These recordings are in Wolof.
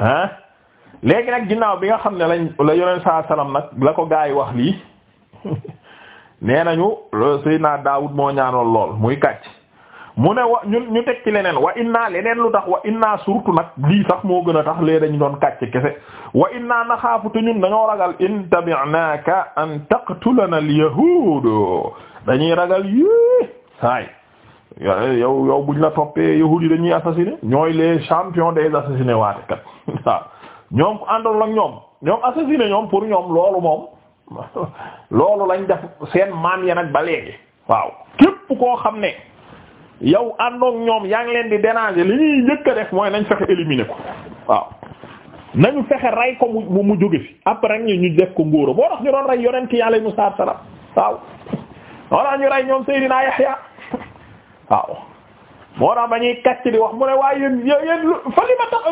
ah léegi nag ginnaaw bi nga xam ne lañ la yoneen saa salaam nag la ko gaa yi wax lii nee nañu naa Daawud moo ñaanoon lool muy kàcc mu ne wa ñun ñu teg ci leneen wa inna leneen lu tax wa in naa surtout nag lii tax moo gën a tax lee dañu doon kàcc kese wa inna naxaafu te ñun dañoo ragal in tabi'naaka an taqtulana al yahuud dañuy ragal yii saay yow yow buñ la toppee yahuud yi dañuy assassiné ñooy les champions des assassinés waate kat waaw ñoom àndoon ak ñoom ñoom assassiné ñoom pour ñoom loolu moom loolu lañ def seen maam ya nag ba léegi waaw képp koo xam ne yow àndoog ñoom yaa ngi leen di déranger li ñuy njëkk a def mooy nañ fexe éliminer ko waaw nañu fexe rey ko mu mu jóge fi après ñu ñu def ko ngóora boo tax ñu doon rey yonent yàlla Musa salaam waaw. walla ñu rey ñoom Seydina Yahya waaw moo tax ba ñuy kàcc di wax mu ne waaye yéen yéen lu fa li ma tax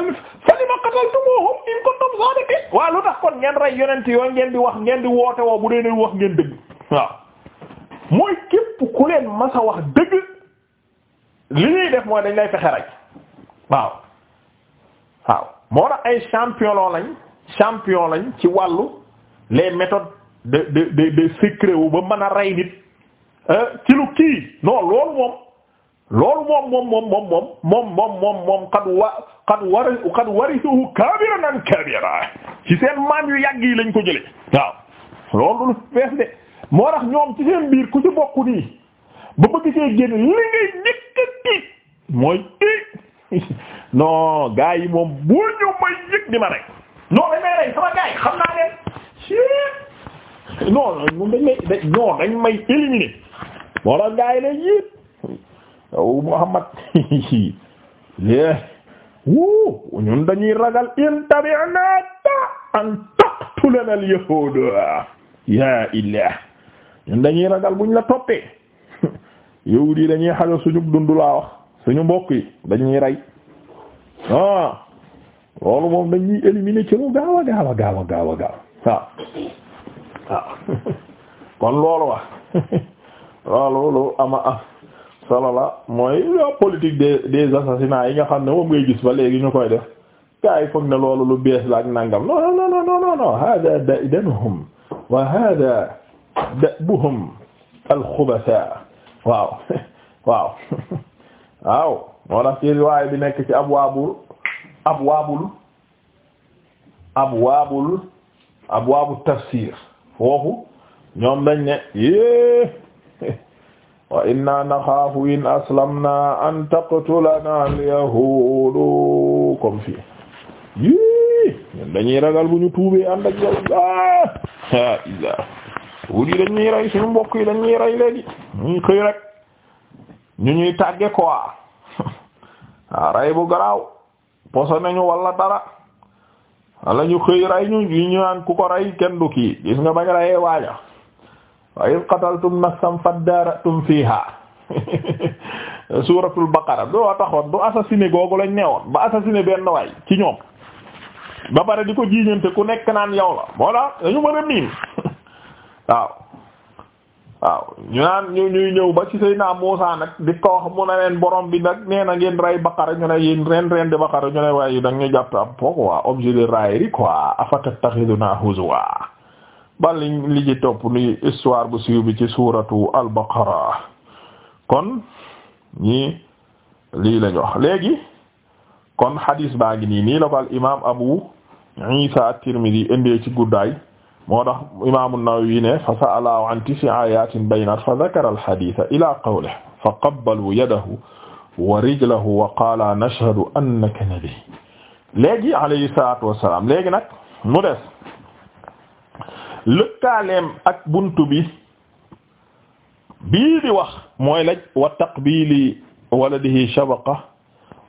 fa li ma qataltumuhum in waaw lu tax kon ngeen rey yonent yooyu ngeen di wax ngeen di woote bu dee ne wax ngeen dëgg waaw mooy képp ku leen masa wax dëgg li ñuy def mooy dañ lay fexe rek waaw waaw moo tax ay champion loo lañ champion lañ ci wàllu les méthodes de de de de wu ba mën a rey nit euh, ci lu kii non loolu moom. loolu moom moom moom moom moom moom moom moom moom qad wa qad war qad warithuhu kabiran an kabira ci seen maam yu yàgg yi lañ ko jëlee waaw loolu lu fees de moo tax ñoom ci seen biir ku ci bokku nii ba bëgg see génn li ngay njëkk tiit mooy i non gars yi moom bu ñu may yëg di ma rek non dañ may rey sama gars yi xam naa leen ci non dañ may non dañ may éliminer moo tax gars yi la yépp yow Muhammad lée wu ñun dañuy ragal in tabi'na an taqtulana al yahud ya illah ñun dañuy ragal buñ la toppee yahud yi dañuy xaja suñu dundu laa wax suñu mbokk yi dañuy rey ah loolu moom dañuy éliminer ci lu gaaw a gaaw a gaaw a gaaw a gaaw waaw ah. ah. waaw ama solo la mooy politique des des assassinats yi nga xam ne moom ngay gis ba léegi ñu koy def gars yi foog ne loolu lu bees la ak nangam non non non non non hada da'idanuhum wa hada da'buhum al-xubasaa waaw waaw waaw moo tax ci riwaay bi nekk ci abwaabul abwaabul abwaabul abwaabul tafsiir foofu ñoom dañ ne yée wa inna naxaafu in aslamna an taqtulana al-yahuudu comme fii yii ñun dañuy ragal bu ñu tuubee ànd ak yow ah ah Isa wut yi dañuy rey suñu mbokk yi dañuy rey léegi ñu xëy ñu ñuy tàgge quoi ah rey bu garaaw poso nañu walla dara walla ñu xëy rey ñu ñu ñaan ku ko kenn du kii gis nga bañ reyee waaja. wa iz qataltum nafsan faddaratum fiha suuratul baqara doo taxoon du assassiné googu lañ neewoon ba assassiné benn waay ci ñoom ba pare di ko jiiñante ku nekk naan yow la moo la dañu mën a miin waaw waaw ñu naan ñu ñëw ba ci Seydina Muusaa nag di ko wax mu ne leen borom bi nag nee na ngeen rey baqara ñu ne yéen ren ren di baqara ñu ne waaye yi dang ñu jàpp am po quoi objet de raillerie quoi afatattakhiduna huzwa bal liñ li ci topp ni histoire bu siiw bi ci suuratu al-Baqara kon ñii lii lañ wax léegi kon hadis baa ngi nii nii la ko al imaam Abu Isa at-Tirmidhi indee ci guddaay moo tax imaam an-Nawawi ne fa sa'ala an tis'i ayatin bayyinat fa dhakara al-haditha ila qawlihi fa qabbalu yadahu wa rijlahu wa qaala nashhadu annaka nabiy léegi alayhi salaatu wassalaam léegi nag mu des lëkkaaleem ak buntu bi bii di wax mooy laj wa taqbili waladihi shabaqa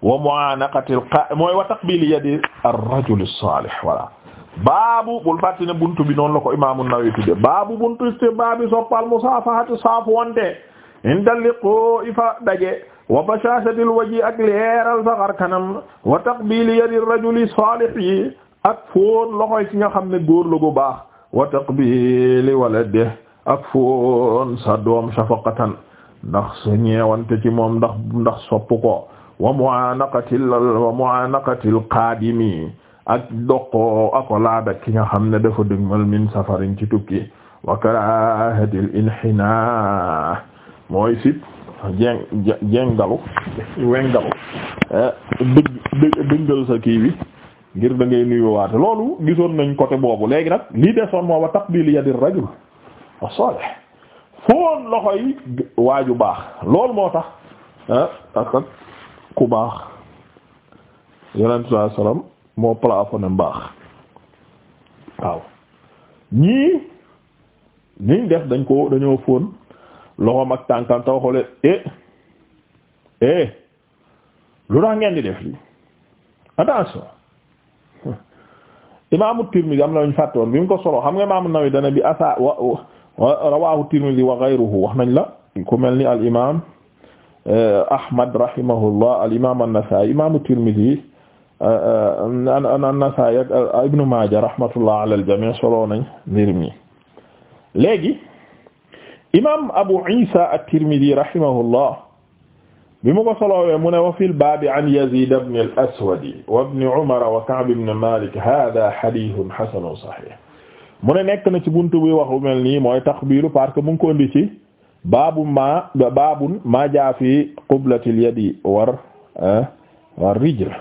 wa mu'anaqati al mooy wa taqbili yadi ar-rajul as-salih voilà baabu bul fàtti ne buntu bi noonu la ko imaamu Nawawi tudde baabu buntu istihbaabi soppal musaafahati saafu wonte inda liqaa'i fa daje wa bashaashatil waji ak leeral sa xar kanam wa taqbili yadi ar-rajul ak foon loxoy ci nga xam ne góor la bu baax wa taqbili waladihi ak foon sa doom shafaqatan ndax su ñeewante ci moom ndax ndax sopp ko wa mu'anaqatil wa mu'anaqatil qaadimi ak doqoo akolaada ki nga xam ne dafa dëgmal min safarin ci tukki wa karahatil inhina mooy sip jeng jengalu wengalu eh, dëgg dëggal sa kii bi ngir da ngay nuyuwaate loolu gisoon nañ côté boobu léegi nag lii desoon moo wa taqbil yadi rajul as-salih foon loxoy waaju baax loolu moo tax ak ah, ku baax yonent saa salaam moo plafonné baax waaw ñii niñ def dañ ko dañoo foon loxoom ak tànkam taw xoole eh, eh, lu tax ngeen di def lii attention imaamu Tirmidhi am na ñu fàtte woon bi mu ko solo xam nga imaamu Nawawi dana bi asa wa rawahu Tirmidhi wa ghayruhu wax nañ la ku mel ni al imaam eh, Ahmad rahimahullah al imaam an-Nasaa'i imaamu Tirmidhi eh, eh, an-Nasaa'i ak Ibnu Maaja rahmatullah ala al-jamii' solo nañ mbir mi léegi imaam Abu Isa at-Tirmidhi rahimahullah bi mu ko soloowee mu ne wax fil baabi an Yazid ibn al-Aswad wa ibn Umar wa Ka'b ibn Malik hada hadithun hasanun sahih mu ne nekk na ci buntu bi wax lu mel nii mooy taxbiiru parce que mu ngi ko indi ci baabu ma baabun ma jaa fi qublatil yadi war eh, war rijl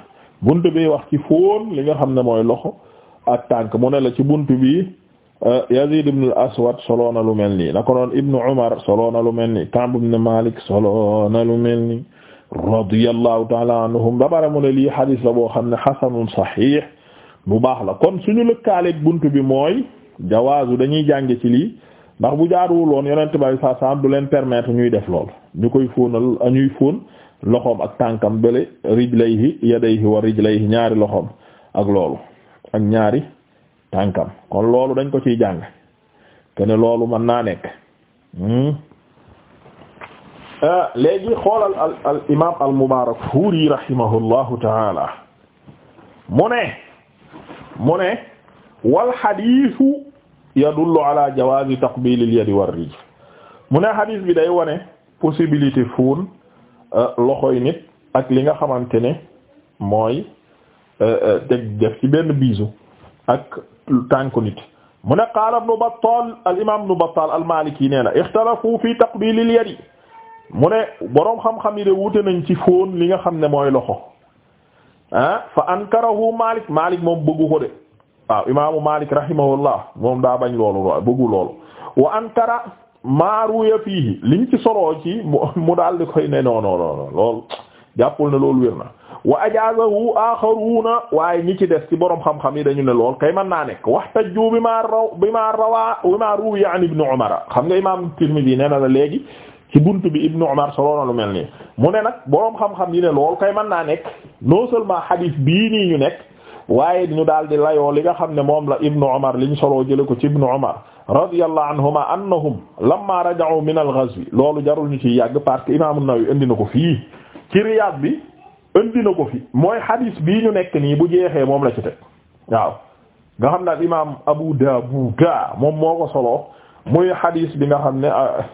buntu bi wax ci fóon li nga xam ne mooy loxo ak tànk mu ne la ci buntu bi Euh, Yazid ibn al-Aswad solo lu mel nii naka noonu Ibn Umar solo na lu mel nii Ka'b ibn Malik solo na lu mel nii radiyallahu ta'ala anhum ba mu ne lii hadis la boo xam ne hasanun sahih bu baax la kon suñu lëkkaaleeg bunt bi mooy jawaazu dañuy jànge ci lii ndax bu jaaruwul woon yonent bi saa saa du leen permettre ñuy def lool ñu koy fóonal ñuy fóon loxoom ak tànkam bële rijlayhi yadayhi wa rijlayhi ñaari loxoom ak loolu ak ñaari. tànkam kon loolu dañ ko ci jàng kene loolu mën naa nekk hmm? ah, léegi xoolal al al imaam al Mubaarakfuuri rahimahullahu taala mu ne mu ne wal xadiisu yadullu ala jawaazi taqbiilil yadi war rij mu bi day wane possibilité fóon ah, loxoy nit ak li nga xamante ne mooy ah, teg def benn bisu ak tànku nit mu ne qaala ibnu Battaal al imaam ibnu Battaal al Maaliki nee na ixtalafu fi taqbiil al yadi mu ne boroom xam-xam yi de wuute nañ ci fóon li nga xam ne mooy loxo ah fa ankarahu Maalik Maalik moom bëggu ko de waaw imaamu Maalik rahimahullah moom daa bañ loolu waaw bëggu loolu wa ankara maaruya fiihi liñ ci soroo mu daal di koy ne non non non loolu. jàppul ne loolu wér na wa ajaazahu axaruuna waaye ñi ci des ci borom xam-xam yi dañu ne lool kay man naa nekk waxtaju bi maa raw bi maa rawaa bi maa ruwi an ibnu umar xam nga imaam Tirmidi nee a la léegi ci buntu bi ibnu umar solo na lu mel nii mu ne nag borom xam-xam yi ne lool kay man naa nekk non seulement hadith bii nii ñu nekk waaye ñu daal di layoo li nga xam ne moom la ibnu umar liñ soloo jële ko ci ibnu umar radiyallahu anhuma annahum lamma raja'u min al-ghazwi loolu jarul ñu ci yàgg parce que imaam an-Nawawi indi na ko fii ci Riyad bi indi na ko fi mooy hadis bii ñu nekk nii bu jeexee moom la ci teg waaw nga xam ne al imaam Abu Daawuda moom moo ko solo muy hadis bi nga xam ne ah,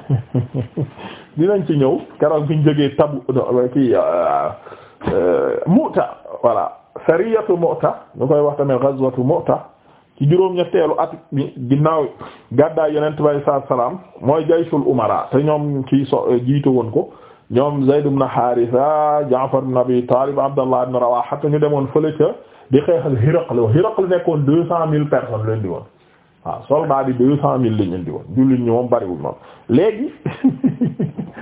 dinañ ci ñëw keroog biñ jógee tabu kii ah, ah, Mu'ta voilà sariyatu Mu'ta ñu koy wax tamit ghazwatu Mu'ta ci juróom ñetteelu at ginnaaw gàddaay yonent bi sallallahu alayhi mooy jayshul umara te ñoom ci so jiitu woon ko ñoom Zayd ibn Haritha Jaafar ibn Abi Talib Abdallah ibn Rawaha ñu demoon fële ca di xeexal Hiraql Hiraql nekkoon deux cent mille personnes leen di woon waaw soldats yi deux cent mille lañ di woon jullit ñi moom bariwul noonu léegi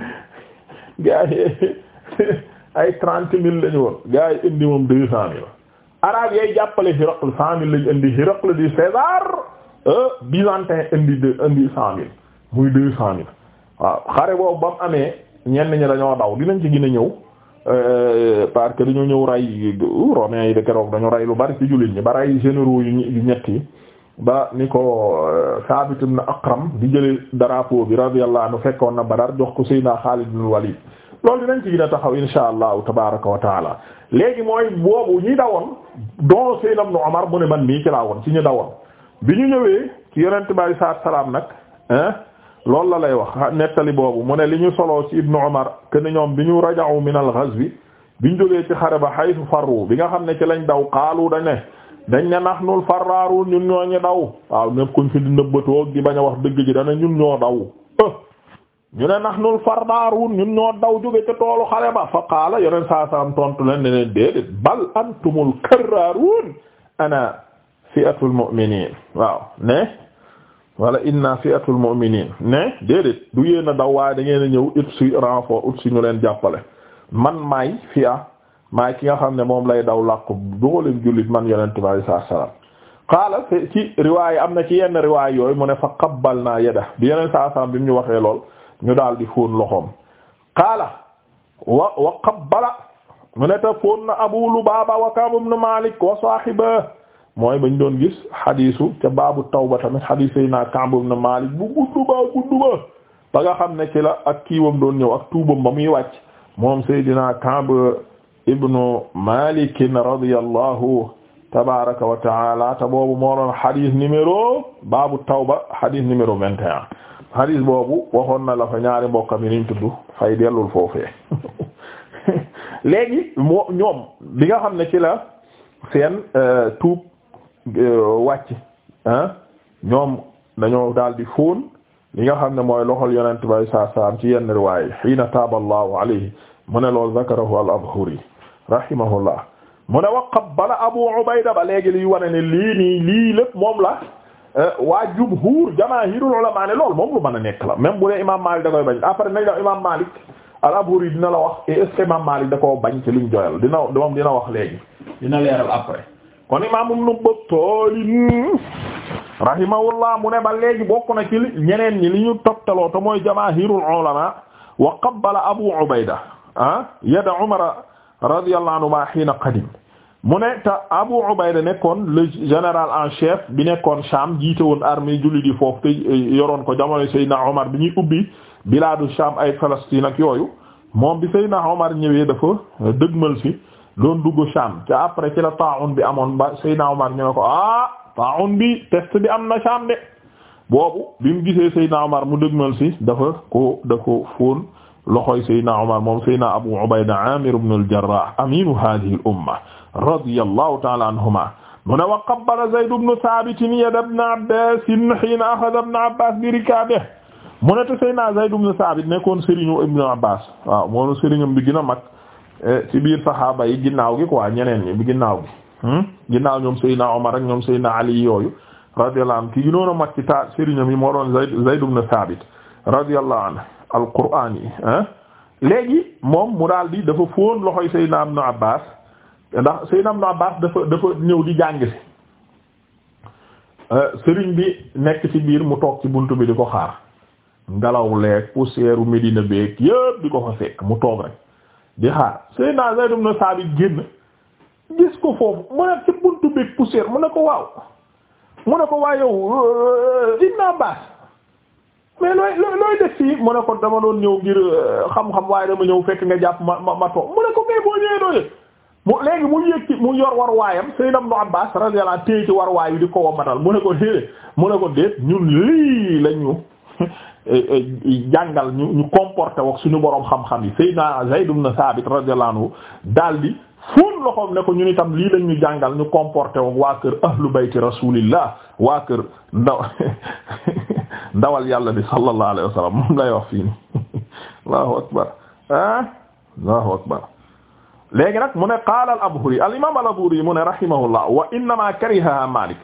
gars yi ay trente mille lañu woon gars yi indi moom deux cent mille arabe yay jàppale Hiraql cent mille lañu indi Hiraql di César euh, byzantin indi indi cent mille muy deux cent mille waaw xare boobu ba mu amee ñenn ñi dañoo daw dinañ ci gën a ñëw euh, parce que dañoo ñëw rey romains yi de keroog dañoo rey lu bari ci jullit ñi ba rey généraux yu ñett yi ba ni ko Saabit euh, ibn Aqram di jële drapeau bi radiyallahu anhu fekkoon na Badar jox ko Seydina Xaalid ibn Walid loolu dinañ ci gën taxaw insha allah tabaraka wa léegi mooy boobu ñi dawoon don Seydina ibn Umar mu ne man mii ci laa woon ci ñu dawoon bi ñu ñëwee ci yonent bi sallallahu alayhi nag loolu la lay wax nettali boobu mu ne li ñu soloo ci ibnu Umar ken ñoom bi ñu raja'u min al-ghazwi bi ñu jógee ci xare ba haythu farru bi nga xam ne ci lañ daw qaalu dañ ne dañ ne nahnul farraaru ñun ñoo ñu daw waaw ñépp kuñ fi di nëbbatoo di bañ wax dëgg ji dana ñun ñoo daw ñu ne nahnul farraaru ñun ñoo daw jóge ca toolu xare ba fa qaala yeneen saa saam tontu leen ne leen déedéet bal antumul karraaruun ana fi'atul mu'miniin waaw ne wala inna fi'atul mu'minin ne déedéet du yéen a daw waaye da a ñëw ut si renfort ut si ñu leen jàppale man maay fi'a maay ki nga xam ne moom lay daw làkk doolem jullit man yeneen bi sallallahu alayhi wasallam qaala ci riwaay am na ci yenn riwaay yooyu mu ne fa qabbalnaa yada bi yeneen saa salaam bi mu ñu waxee lool ñu daal di fóon loxoom qaala wa wa qabbala mu ne ta fóon na Abu Lubaaba wa Ka'b ibn Maalik wa saahiba mooy bañ doon gis xadiisu ca baabu tawba tamit xadiis yi naa Ka'b ibn Maalik bu gudd ba gudd ba ba nga xam ne ci la ak kiiwam doon ñëw ak tuubam ba muy wàcc moom Seydina Ka'b ibn Maalik radiyallahu tabaaraka wa ta'ala boobu moo doon xadiis numéro baabu tawba xadiis numéro vingt boobu waxoon na la fa ñaari mbokkam yi niñ tudd fay dellul foofee ñoom bi xam ne ci la euh, tuub Euh, wàcc ah ñoom dañoo daal di fóon li nga xam ne mooy loxol yonent bay saa saam ci yenn riwaay xiina taaba allahu alayhi mu ne loolu zakarahu al abhuri rahimahullah mu ne wa qabbala abu ubayda ba léegi liy wane ne lii nii lii lépp moom la euh, waa jumhur jamaahirul ulama ne loolu moom lu mën a nekk la même bu dee imam malik da koy bañ après nañ la imam malik al abhuri dina la wax est-ce que malik da koo bañ ci luñ joyal dina moom dina wax léegi dina leeral après kon imaam Ibn Battal rahimahullah mu ne ba léegi bokk na ci ñeneen ñi li ñu toptaloo moy mooy jamaahirul ulama wa qabbala Abu Ubayda ah yada Umar radiyallahu anhuma hiina qadim mu ne te Abu Ubayda nekkoon le général en chef bi nekkoon Sham jiite woon armée julli di foofu te eh, yoroon ko jamono Seydina Omar bi ñuy ubbi bilaadu Sham ay Palestine ak yooyu moom bi Seydina Omar ñëwee dafa dëgmal si doon dugg Sham te après ci la taa'un bi amoon ba Seydina Omar ñu ne ko ah taa'un bi test bi na Sham de boobu bi mu gisee Seydina Omar mu dëgmal si dafa ko dafa fóon loxoy Seydina Omar moom Seydina Abu Ubayda Amir ibn al-Jarrah aminu hadhihi al-umma ta'ala anhuma mu ne wa qabbala Zayd ibn Thabit yada ibn hina akhadha ibn Abbas bi rikabihi mu ne te Seydina Zayd ibn Thabit nekkoon sëriñu Ibn Abbas waaw a mag Eh, ci biir saxaaba yi ginnaaw gi quoi ñeneen ñi ginnaaw gi hmm? ginnaaw ñoom Seydina Omar ak ñoom Seydina Ali yooyu radiyallahu anhu ki ginoon a mag ci ta sëriñam yi moo doon Zayd Zayd ibn Thabit radiyallahu anhu al-Qur'ani yi eh? léegi moom mu daal di dafa fóon loxoy Seydina Ibn Abbas ndax Seydina Ibn Abbas dafa dafa ñëw di jàng si eh, sëriñ bi nekk ci biir mu toog ci bunt bi di ko xaar ngelaw leeg poussière u Médina beeg yëpp di ko fa fekk mu toog rek di xaar Seydina Zayd ibn Saabit génn gis ko foofu mu ne ci buntu bi poussière mu ne ko waaw mu ne ko waaw yow euh, Ibn Abbas mais looy looy def fii mu ne ko dama doon ñëw ngir euh, xam-xam waaye dama ñëw fekk nga jàpp ma ma ma toog mu ne ko mais boo mu yor war waayam Seydina Ibn Abbas radiyallahu anhu yi di ko wambatal mu ne ko déedéet mu ne ko déet ñun lii lañu jàngal ñu ñu comporté wax suñu boroom xam-xam yi Seydina Zayd ibn Sabit radiyallahu anhu daldi fuun loxoom ne ko ñun itam lii lañ ñu jàngal ñu comporté wax waa kër ahlu bayti rasulillah waa kër ndaw ndawal yàlla bi sallallahu alayhi wa sallam moom lay wax fii ni akbar ah allahu akbar léegi nag mu ne qaala al-Abhuri al-imam al-Abhuri mu ne rahimahullah wa innama karihaha Malik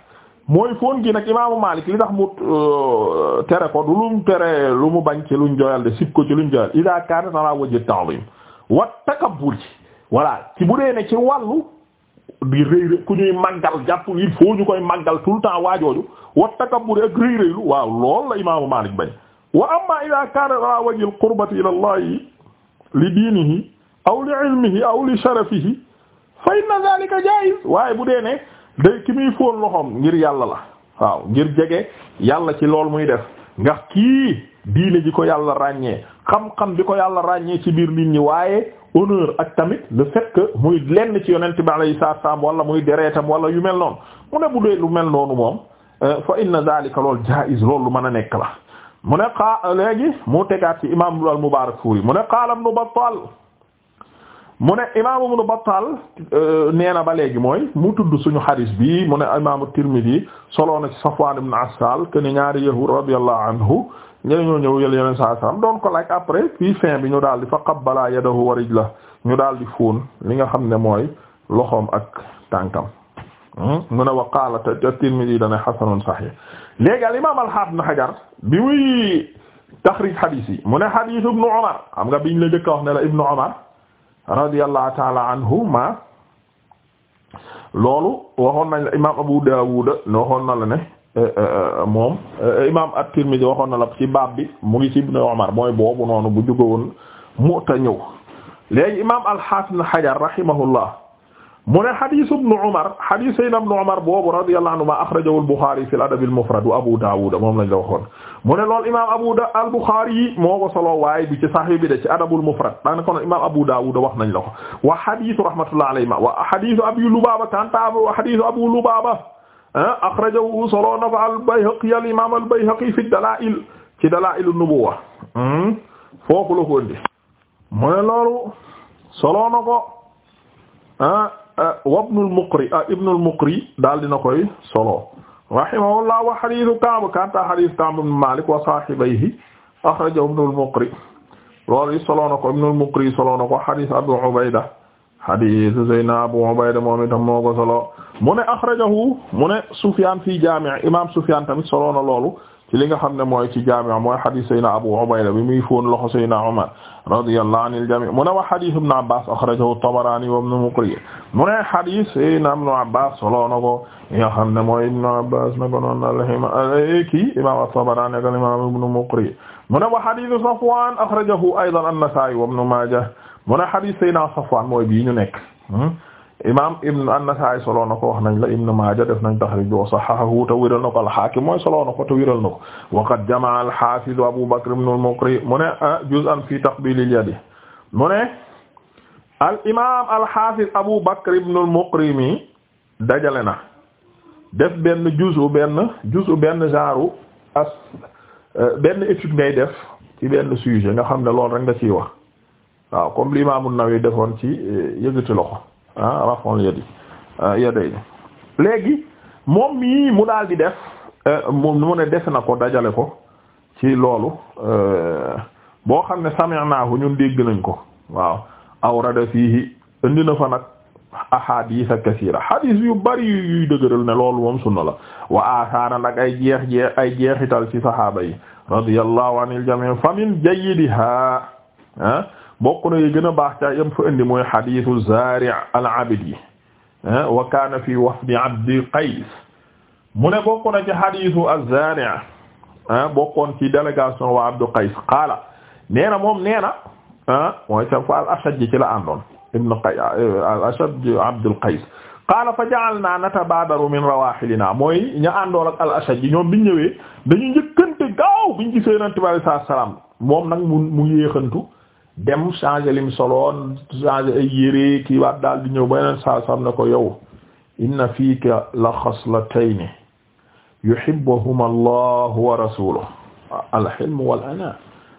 mooy fóon gi nag imaamu Maalik li tax mu euh, tere ko du lu mu tere lu mu bañ ci luñ joyal de sib ko ci luñ joyal ida kaana ala wajhi ta'zim wa takabbur ci voilà ci bu dee ne ci wàllu di rëy ku ñuy màggal jàpp il faut ñu koy màggal tout le temps waajooju wa takabbur ak rëy rëylu waaw loolu la imaamu Maalik bañ wa amma ida kaana ala wajhi al-qurbati ila li diinihi aw li ilmihi fa inna dhalika jaiz waaye bu dee ne day ki muy fóon loxoom ngir yàlla la waaw ngir jege yàlla ci lool muy def ndax kii diine ji ko yàlla ràññee xam-xam bi ko yàlla ràññee ci biir nit ñi waaye honneur ak tamit le fait muy lenn ci yonent bi alayhi salaam wala muy dereetam wala yu mel noon mu ne bu dee lu mel noonu moom euh, fa inna zalika lool jaiz loolu lu mën a nekk la mu ne xaa léegi mu tegaat ci imam al Mubarak Furi mu ne qaala Ibn Battal mu ne imaam Ibnu Battaal euh, nee na ba léegi mooy mu tudd suñu xadis bi mu ne imaamu Tirmidi soloo na ci Safwaan ibn Assaal kenn ñaari yahuud radiyallahu anhu ñeneen ñoo ñëw yël yeneen saa saam doon ko après fii fin bi ñu daal di fa qabbala yadahu wa la ñu daal di fóon li nga xam ne mooy loxoom ak tànkam. Hmm? mu ne wa qaala te Tirmidi dana xasanun saxiix léegi al imaam al-Haafiz Ibn Hajar bi muy taxriij xadis yi mu ne xadiisu Ibnu Umar xam nga biñ la jëkk wax ne radiyallahu taala anhuma loolu waxoon nañ la imaam Abu Dawud waxoon na ne eh, eh, eh, moom imaam at-Tirmidhi waxoon na ci baab bi mu ngi ci Ibn Umar mooy boobu noonu bu jóge woon Mu'ta ñëw léegi imaam al-Hasan Hajar rahimahullah mu ne xadiis ibnu Umar xadiis Seydina ibnu Umar boobu radiyallahu anhuma axrajahu al-Buxaari fi al-adab al-mufrad wa Abu Daawud moom lañ la waxoon mu ne lool imaam Abu Da al-Buxaari moo ko solo waaye du ci Sahih bi de ci adabul mufrad daanaka kon imaam Abu Daawud wax nañ la ko wa xadiisu rahmatullahi alayhi wa xadiisu Abi Lubaaba kanta wa xadiisu Abu Lubaaba ah, axrajahu solo na fa al-Bayhaqi al-imaam al-Bayhaqi fi dalaa'il ci dalaa'il an-nubuwwa hmm, foofu la ko indi mu ne loolu solo na ko ah, Eh, wabnul muqri ah ibnul muqri daal dina koy solo rahimahullah wa hadithu Ka'b kanta hadith Ka'b ibn Malik wa sahibayhi akhrajahu ibnul muqri loolu solo na ko ibnul muqri solo na ko hadith Abu Ubayda hadith Zeyna Abu Ubayda moom itam moo ko solo mu ne akhrajahu mu ne Sufyan fi Jami' imam Sufyan tamit solo na loolu ci li nga xam ne mooy ci jaami' mooy hadith sayna Abu Ubayda bi muy foon loxo sayna Umar radiyallahu anil jami' mu ne wa hadith ibn Abbas akhrajahu Tabarani wa Ibn Muqri mu ne hadith sayna ibn Abbas solo na ko li nga xam ne mooy ibn Abbas na ko noon al-Himaki eh, imam at-Tabarani ak imam Ibn Muqri mu ne wa hadith Safwan akhrajahu aydan an-Nasa'i wa Ibn Majah mu ne hadith sayna Safwan mooy bi ñu nekk hmm? imaam Ibn an solo na ko wax nañ la Ibn Maaja def nañ taxriij wa sahhahahu te wéral na ko al-Haakim mooy solo na ko te wéral na ko wa jamaa al Abu Bakr ibn al mu ne ah, juz'an fi taqbiil al mu ne al imaam al Abu Bakr ibn al mi dajale na def benn juzu benn juzu benn genre as euh, benn étude ngay def ci benn sujet nga xam ne loolu rek nga ciy wax waaw comme l'imam An-Nawawi defoon ci euh, yëgati loxo ah rafon yadi ah, yaday ni léegi moom mii mu daal di def eh, moom mu ne def na ko dajale ko ci loolu eh, boo xam ne sami'naahu ñun dégg nañ ko waaw awrada fiihi indi na fa nag ahadisa kasiira hadis yu bari yuy dëgëral ne loolu moom sunna la wa asaana nag ay jeex jeex ay jeexital ci sahaaba yi radiyallahu anil jamii fa min jayyidihaa ah, bokk na yi gën a baax ca yam fa indi mooy hadithu zari' al-abdi ah, wa kana fi wafdi abdi qays mu ne a na ci hadithu az-zari' ah, bokkoon ci délégation wa abdu qays qaala nee na moom nee a ah, mooy ca fa al-ashaj ci la àndoon ibn qays al-ashaj abdul qaala fa ja'alna natabaadaru min rawaahilina mooy ña àndoon ak al-ashaj ñoom biñ ñëwee dañu njëkkante gaaw biñ gisee Yonent bi sallallahu moom nag mu mu dem changer lim soloon changer ay yére kii waat daal di ñëw ba yeneen saa sam ne ko yow inna fiika la xaslatayni yuhibbuhuma allah wa rasuluhu alxilm wal ana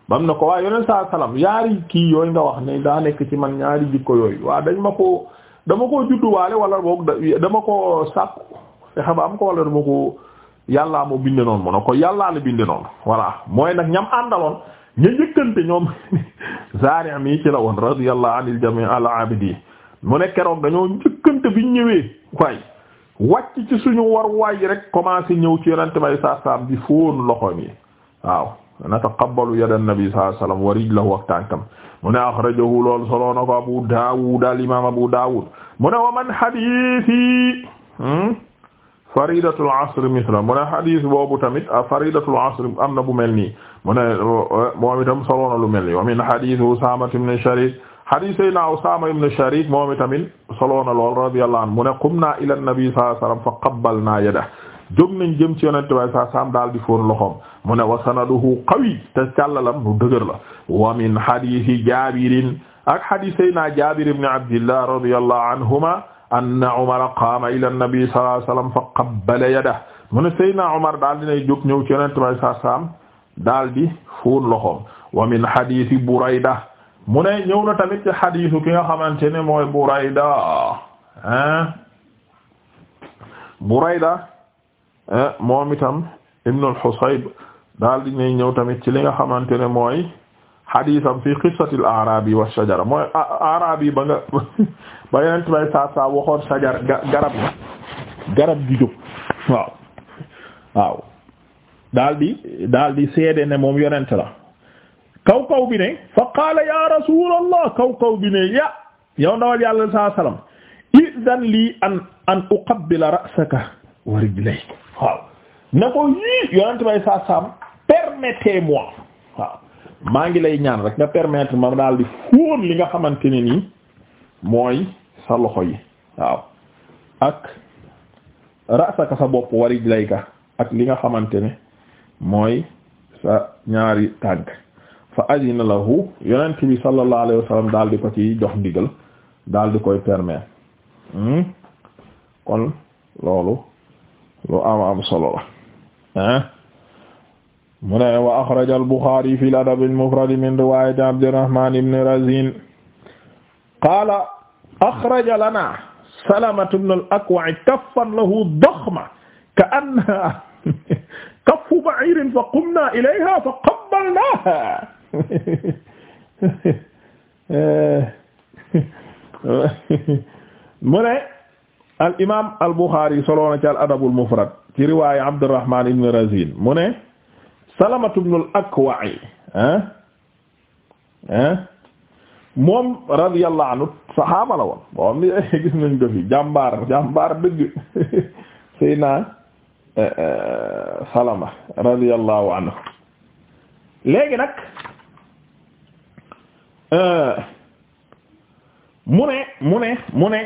bam na ko waaye yoneen saa salam yaari kii yooyu nga wax ni daa nekk ci man ñaari jikko yooyu waa dañ ma ko dama koo judduwaale wala boog dama ko sàkku fexe am ko wala dama ko yàllaa moo binde noonu mu ne ko yàllaa la binde noonu voilà mooy nag ñam àndaloon ña njëkkante ñoom Zaari' mi ci la woon radiyallahu anil jami' al abidi mu ne keroog dañoo njëkkante biñ ñëwee waay wàcc ci suñu war waay rek commencé ñëw ci yonente may saa saam bi fóon loxoom yi waaw nataqabbalu yada nabi sallallahu alayhi wasallam wa rijlahu ak tànkam mu ne akhrajahu lool soloo na ko Abu Dawud al imam Abu Dawud mu ne wa man hmm? faridatul asr misla mu ne xadis boobu tamit ah, faridatul asr am na bu mel nii mu ne eh, moom itam solo na lu mel nii wa min xadis Usaama ibn Sharik xadis Seydina Usaama ibn Sharik moom itamit solo na lool radiyallahu anhu mu ne qumnaa ila nabi sallallahu alayhi wasallam fa qabbalnaa yadahu jóg nañ jëm ci yonent bi saa saam daal di fóon loxoom mu ne wa sanaduhu qawi te càllalam lu dëgër la wa min xadisi Jaabirin ak xadis Seydina Jaabir ibn Abdillah radiyallahu anhuma anna Umar qaama ila nabi sallallahu alayhi daal dinay jóg ñëw ci Yonent bi saa saam daal di wa min hadiisi Burayda mu ne ñëw na tamit ci hadiisu ki nga xamante ne mooy Burayda ah Burayda eh, moom itam Ibn al-Husayb daal dinay ñëw tamit ci li nga xamante ne mooy. xadisam fi qissatil arabi wa shajara mooy arabi ba nga ba yenent bay saa saa waxoon garab garab gi daal di seede ne moom yonent la kaw kaw bi ne fa qaala ya rasulallah kaw bi ne ya yow ndawal yàlla saa sallam idan lii an an uqabbila ra'saka wa ne ko yii yonent bay saa permettez-moi maa ngi lay ñaan rek nga permettre ma daal di fóon li nga xamante ne nii mooy sa loxo yi waaw ak rasaka sa bopp lay ka ak li nga xamante ne mooy sa ñaari tànk fa adina lahu yonent bi sallallahu alayhi wa sallam di ko ci jox ndigal daal di koy permettre hmm? kon loolu lu am am solo la mu ne wa axraja al-Buxaari fi al-adab al-mufrad min riwaayati Abdirrahmaan ibn Raziin qaala axraja lanaa Salamatu ibn al-Akwa' kaffan lahu daxma ka'annahaa kaffu ba'iirin fa qumnaa ilayhaa fa qabbalnaahaa mu ne al imaam al-Buxaari solo na ci al-adab al-mufrad ci riwaaya Abdirrahmaan ibn Raziin mu ne Salamatu ibnul Akwa'i moom radiyallahu anhu saxaaba la woon moom ni gis nañ ko fi jàmbaar jàmbaar dëgg Seydina eh, eh, Salama radiyallahu anhu léegi nag euh, mu ne mu ne mu ne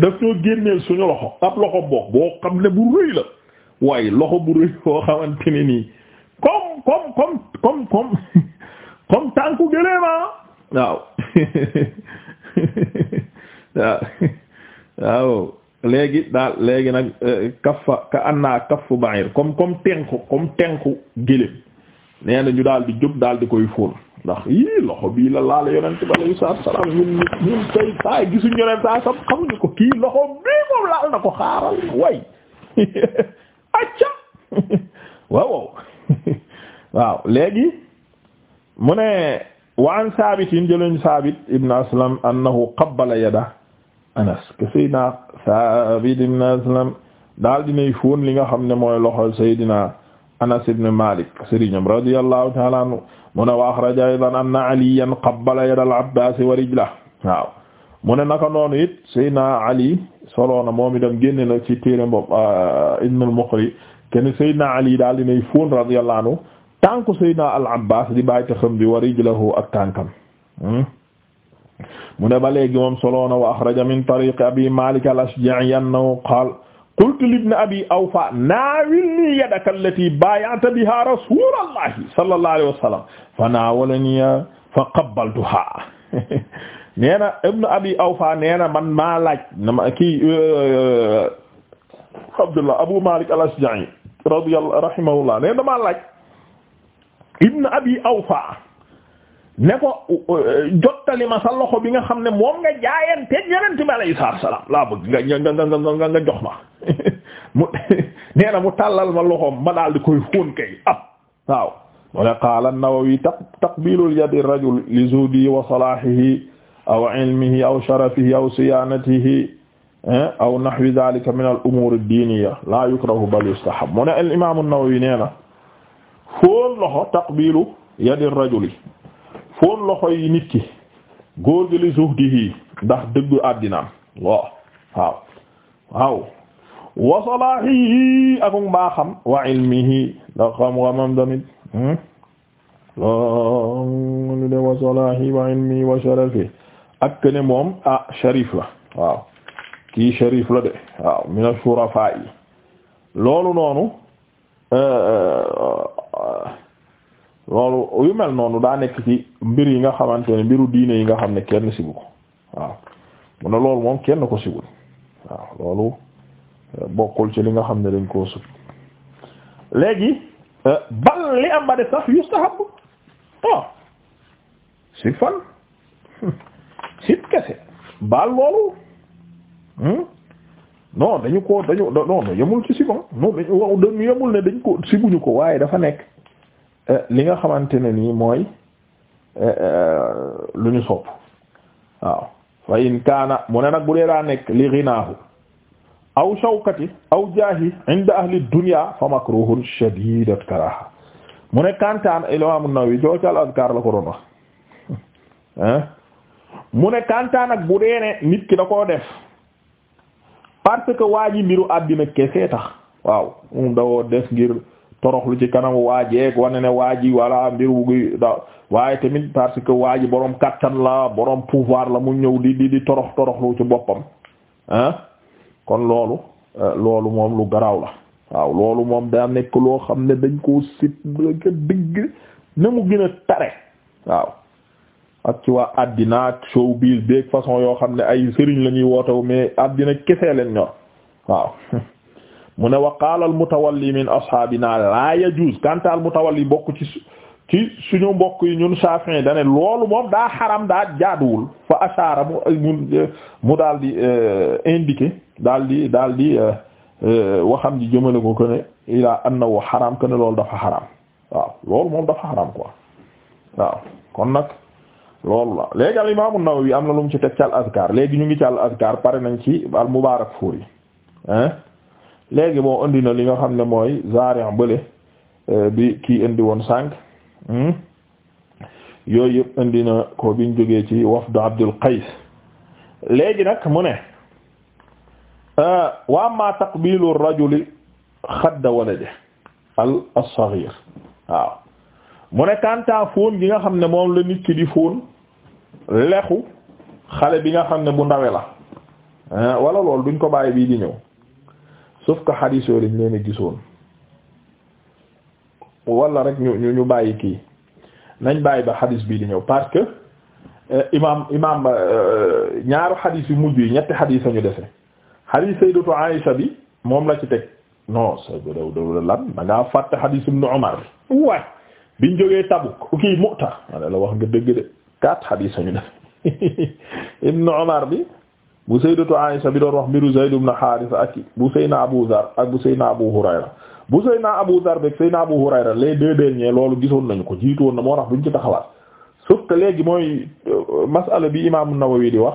daf ñoo génneel suñu loxo ab loxo bokk boo xam ne bu rëy la waaye loxo bu rëy boo xamante nii. comme comme comme comme tànku gëléema ah. waaw waaw waaw léegi daal léegi nag euh, kaffa ka anna kaffu ba'ir comme comme tenku comme tenku gëléem nee na ñu daal di jóg koy fóon ndax yii loxo bii la laal yonent bi alayhi salaatu wa salaam ñun ñun tey saa yi gisuñu saa sam xamuñu ko kii loxo bii moom laal na ko xaaral way acca waaw waaw waaw léegi mu ne wa an saabitin jëlañ saabit ibn aslam annahu qabbala yada anas ke saydna saabit ibn aslam daal dinay fóon li nga xam ne mooy loxol saydina anas ibn malik sëriñam radiyallahu ta'ala anhu mu ne wa akhraja aydan anna aliyan qabbala yada al abbas wa rijlah waaw mu ne naka noonu it saydna ali soloona moom itam génne na ci téere bopp euh, ibn al muqri ken saydna ali daal dinay fóon radiyallahu anhu tànku Seydina al Abbaas di bàyyi taxam bi wa rijlahu ak tànkam hmm? mu ne ba léegi moom soloona wa axraja min tariqi abi Maalik al Ashja'i annahu qaal qultu libni abi awfa naawilnii yadaka allatii baaya'ta bihaa rasuulallaahi sallallaahu alayhi wa sallam fa naawalanii fa qabbaltuhaa nee na ibnu abi awfa nee na man maa laaj nama kii uh, Abdullah Abu Maalik al Ashja'i radiyallaahu rahimahullah nee na maa laaj ibn abi awfa ne ko jottali ma sa loxo bi nga xam ne moom nga jaayante yonent bi alayhi salaam laa bëgg nga jox ma mu na mu tàllal ma loxoom ma daal di koy fóon kay ab waaw mu ne qaala an-Nawawi taqbiilul yadi rajul li zuhdihi wa salaahihi aw ilmihi aw sharafihi aw siyaanatihi aw nahwi dhaalika min al-umuur ad-diiniyya laa mu ne al nee na fóon loxo taqbilu yadir rajuli fóon loxo yi nit ki li zuhdihi ndax dëggu àddinaam waaw waaw wa salaahihi ak mbaaxam wa ilmihi ndax xam-xamam tamit hmm? loolu de wa salaahi wa ilmihi wa sharafi ak ne moom ah sharif la waaw kii sharif la de waaw min ashurafa yi loolu noonu eh, eh, loolu yu mel noonu daa nekk ci mbir yi nga xamante ne mbiru diine yi nga xam ne kenn sibu ko waaw mu ne loolu moom kenn ko sibul waaw loolu euh, bokkul ci li nga xam ne dañ koo sut léegi euh, bal li am ba de sax yustahab waaw oh, sit fan sit kese baal loolu hmm? non dañu ko dañu non yemul ci siban non dañu yemul ne dañ ko sibuñu ko waaye dafa nekk li nga xamante ne nii mooy eh, eh, lu ñu sopp waaw fa in kaana mu ne nag bu dee daa nekk li ginaahu aw shawkati aw jaahi inda ahli dunya fa makruhun shadidat karaha mu ne kantaan Imam An-Nawawi joo ci al la ko doon eh? mu ne kantaan bu dee ne nit ki la koo def parce que waa ji mbiru àddina kese tax waaw mu dawoo def ngir toroxlu ci kanam waa jeeg wane ne waa ji walla mbir wu gi da waaye tamit parce que waa ji borom la borom pouvoir la mu ñëw di di di torox toroxlu ci boppam ah kon loolu euh, loolu moom lu garaaw la waaw loolu moom daa nekk loo xam ne dañ koo sit ka digg na mu gën a tare waaw ak ci waa àddina ak showbiz beeg façon yoo xam ne ay sëriñ la ñuy wootewu mais àddina kese leen ñor waaw mu ne wa qaala al mutawalli min naa laa yajuuz kanta al mutawalli bokku ci ci suñu mbokk yi ñun Shafi'i dane loolu moom daa xaram daa jaaduwul fa ashaara mu daal di euh, indiqué daal di daal di euh, euh, waxam ji jëmale ko ko ne ilaa annahu xaram ko ne loolu dafa xaram loolu moom dafa xaram quoi kon nag loolu la léegi al imaamu Nawawi am na lu mu ci teg ci al azkar léegi ñu ngi ci al azkar pare nañ ci al mubaarak fuur yi léegi moo indi na li nga xam ne mooy zarian bële euh, bi kii indi woon sànq hmm? yooyu yëpp indi na ko biñ jógee ci wafdu Abdul Qays léegi nag mu ne euh, wa amma taqbilu rajuli xadda walade al as-saghir waaw mu ne kanta fóon gi nga xam ne moom la nit ki di fóon lexu xale bi nga xam ne bu ndawe la wala loolu duñ ko bàyyi bii di ñëw sauf que xadiis yooyu dañ leen gisoon wala rek ñu ñu ñu bàyyi kii nañ bàyyi ba xadiis bii di ñëw parce que euh, imaam imaam euh, ñaaru xadiis yu mujj yi ñetti xadiis lañu dese xadiis sayyidatu Aisha bi moom la ci teg non sa a daw lan da ngaa fàtte xadiis ibnu Umar bi waay biñ jógee Tabuk kii Mu'ta ma la wax nga dëgg de quatre xadiis lañu def ibnu Umar bi bu sayyidatu Aisha bi doon wax mbiru Zayd ibn Haarisa ak bu Seyna Abu Zar ak bu Seyna Abu Hurayra bu Seyna Abu Zar beeg Seyna Abu Hurayra les deux derniers loolu gisoon nañu ko jiitu woon na moo tax duñ ci taxawaat sauf que léegi mooy euh, masala bi imaamu Nawawi di wax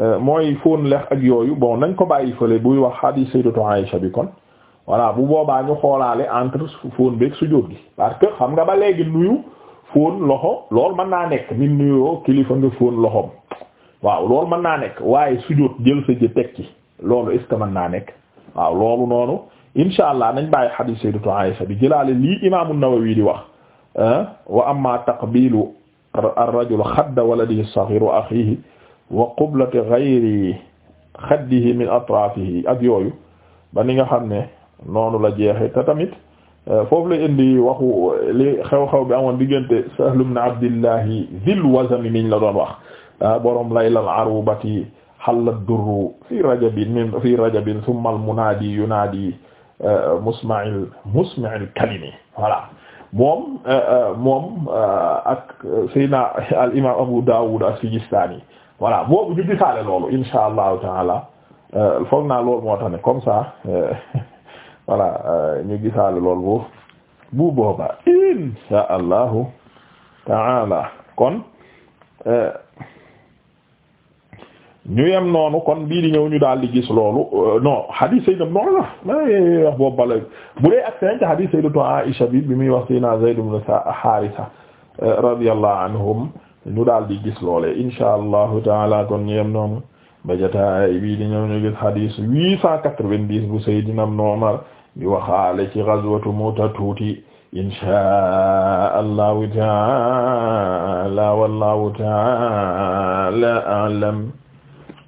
euh, mooy fóon lex ak yooyu bon nañ ko bàyyi fële buy wax hadiis sayyidatu Aisha bi kon voilà bu boobaa ñu xoolaale entre fóon beeg sujjóot gi parce que xam nga ba léegi nuyu fóon loxo loolu mën naa nekk nit nuyoo kilifa nga fóon loxoom. waaw loolu mën naa nekk waaye sujjóot jël sa jë teg loolu est man que naa nekk waaw loolu noonu insha allah nañ bàyyi hadith sayyidatu Aisha bi jëlaale lii imaamu Nawawi di wax wa amma taqbilu ar-rajul xadda waladihi as-saghir wa akhihi wa qublati ghayri xaddihi min atrafihi ak yooyu ba ni nga xam ne noonu la jeexe te tamit euh, foofu la indi waxu li xew-xew bi amoon diggante Sahl ibn Abdillahi Dhil Wazam miñ la doon wax Ah, borom laylal arubati xalla durru fi rajabin min fi rajabin thumma al munaadi yunaadi eh, musma'il musma'il kalimi voilà moom eh, eh, moom ak Seydina al imam Abu Dawud as-Sijistani voilà boobu ñu gisaale loolu insha allahu taala foog loolu moo tax ne gisaale loolu bu booba insha allahu taala kon ñu yem noonu kon bii di ñu daal di gis loolu euh, non hadith Seydina noonu la may eh, eh, wax boobu ak seen hadith Sayyidatu Aisha bi bi muy wax Seydina euh, ñu daal di gis loole insha allahu taala kon ñu yem noonu ba jotaay bii di ñëw ñu gis hadith 890 bu Seydina Umar waxaale ci ghazwatu Muuta tuuti insha allahu taala wallahu taala alam